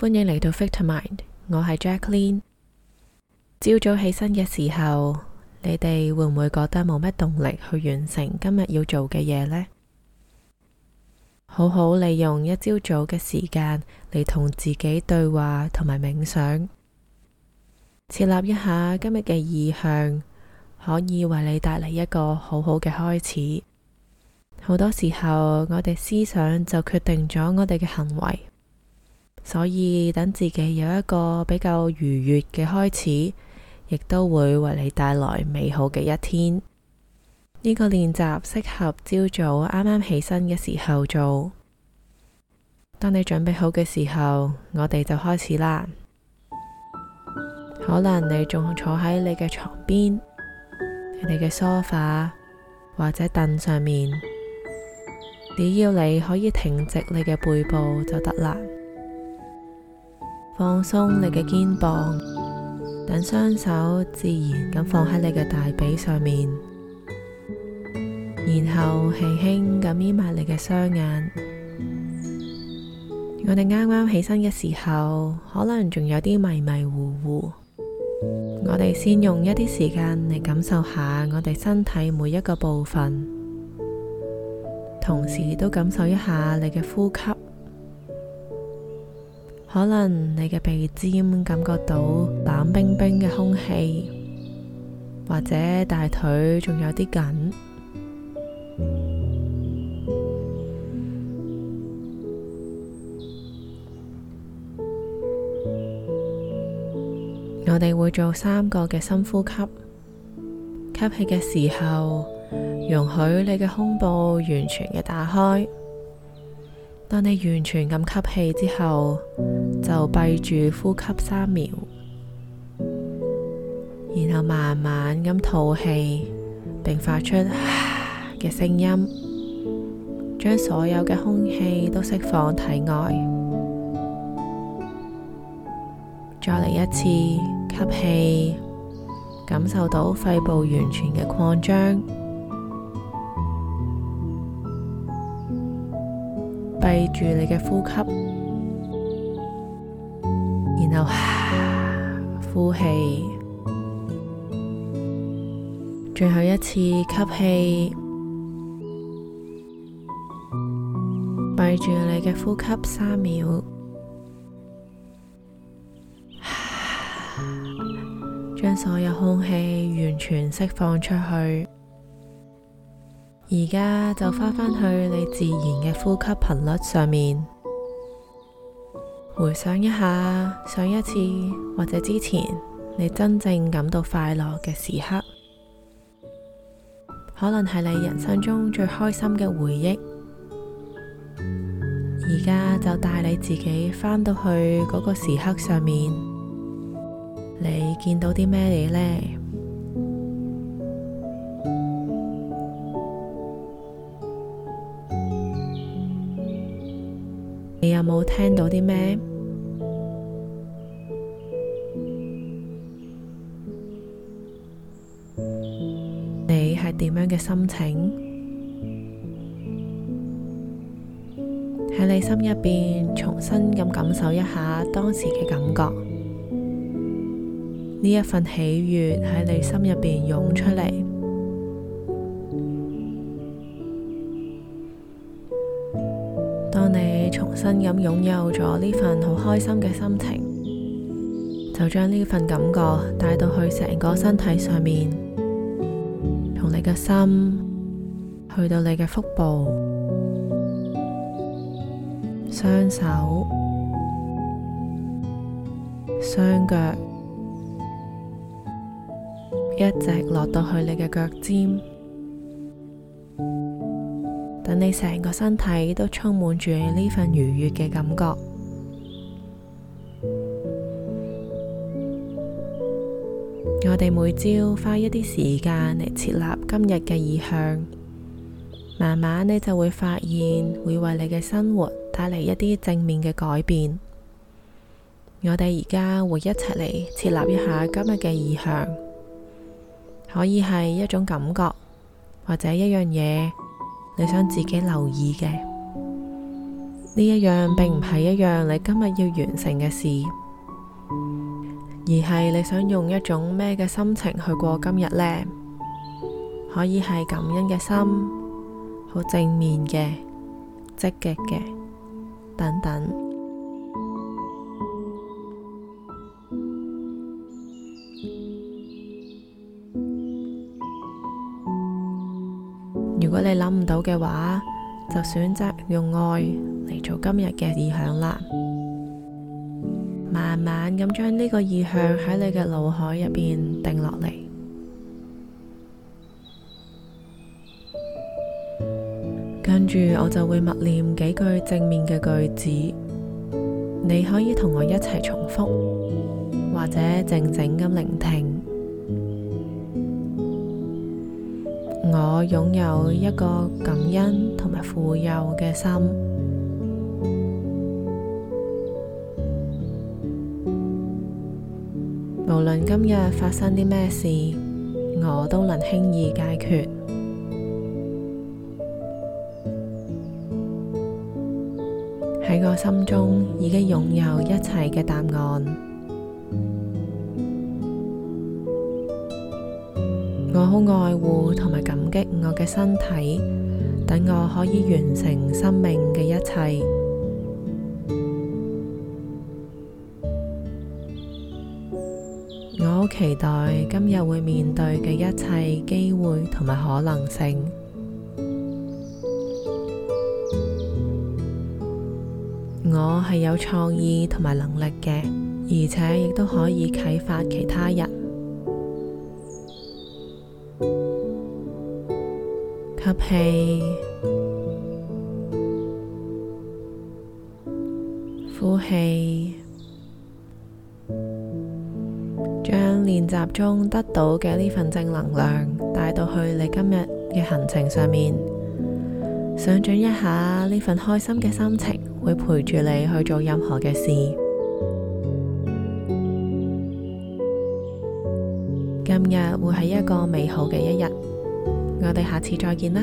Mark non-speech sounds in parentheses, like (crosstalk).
歡迎嚟到 f i c t o r Mind，我係 j a c k u e l i n。朝早起身嘅時候，你哋會唔會覺得冇乜動力去完成今日要做嘅嘢呢？好好利用一朝早嘅時間嚟同自己對話，同埋冥想，設立一下今日嘅意向，可以為你帶嚟一個好好嘅開始。好多時候，我哋思想就決定咗我哋嘅行為。所以等自己有一個比較愉悦嘅開始，亦都會為你帶來美好嘅一天。呢個練習適合朝早啱啱起身嘅時候做。當你準備好嘅時候，我哋就開始啦。可能你仲坐喺你嘅床邊、你嘅梳化，或者凳上面，只要你可以挺直你嘅背部就得啦。放鬆你嘅肩膀，等雙手自然咁放喺你嘅大髀上面，然後輕輕咁眯埋你嘅雙眼。我哋啱啱起身嘅時候，可能仲有啲迷迷糊糊，我哋先用一啲時間嚟感受下我哋身體每一個部分，同時都感受一下你嘅呼吸。可能你嘅鼻尖感覺到冷冰冰嘅空氣，或者大腿仲有啲緊。 (noise) 我哋會做三個嘅深呼吸，吸氣嘅時候，容許你嘅胸部完全嘅打開。當你完全咁吸氣之後。就閉住呼吸三秒，然後慢慢咁吐氣，並發出哈嘅聲音，將所有嘅空氣都釋放體外。再嚟一次吸氣，感受到肺部完全嘅擴張，閉住你嘅呼吸。然後呼氣，最後一次吸氣，閉住你嘅呼吸三秒，將所有空氣完全釋放出去。而家就返返去你自然嘅呼吸頻率上面。回想一下上一次或者之前你真正感到快樂嘅時刻，可能係你人生中最開心嘅回憶。而家就帶你自己翻到去嗰個時刻上面，你見到啲咩嘢呢？你有冇聽到啲咩？心情喺你心入邊，重新咁感受一下當時嘅感覺。呢一份喜悅喺你心入邊湧出嚟。當你重新咁擁有咗呢份好開心嘅心情，就將呢份感覺帶到去成個身體上面。從你嘅心，去到你嘅腹部，雙手、雙腳，一直落到去你嘅腳尖，等你成個身體都充滿住呢份愉悅嘅感覺。我哋每朝花一啲時間嚟設立今日嘅意向，慢慢你就會發現會為你嘅生活帶嚟一啲正面嘅改變。我哋而家會一齊嚟設立一下今日嘅意向，可以係一種感覺或者一樣嘢你想自己留意嘅。呢一樣並唔係一樣你今日要完成嘅事。而係你想用一種咩嘅心情去過今日呢？可以係感恩嘅心，好正面嘅、積極嘅等等。如果你諗唔到嘅話，就選擇用愛嚟做今日嘅意向啦。慢慢咁將呢個意向喺你嘅腦海入邊定落嚟，跟住我就會默念幾句正面嘅句子，你可以同我一齊重複，或者靜靜咁聆聽。我擁有一個感恩同埋富有嘅心。無論今日發生啲咩事，我都能輕易解決。喺我心中已經擁有一切嘅答案。我好愛護同埋感激我嘅身體，等我可以完成生命嘅一切。我好期待今日會面對嘅一切機會同埋可能性。我係有創意同埋能力嘅，而且亦都可以啟發其他人。吸氣，呼氣。將練習中得到嘅呢份正能量帶到去你今日嘅行程上面，想象一下，呢份開心嘅心情會陪住你去做任何嘅事。今日會係一個美好嘅一日，我哋下次再見啦。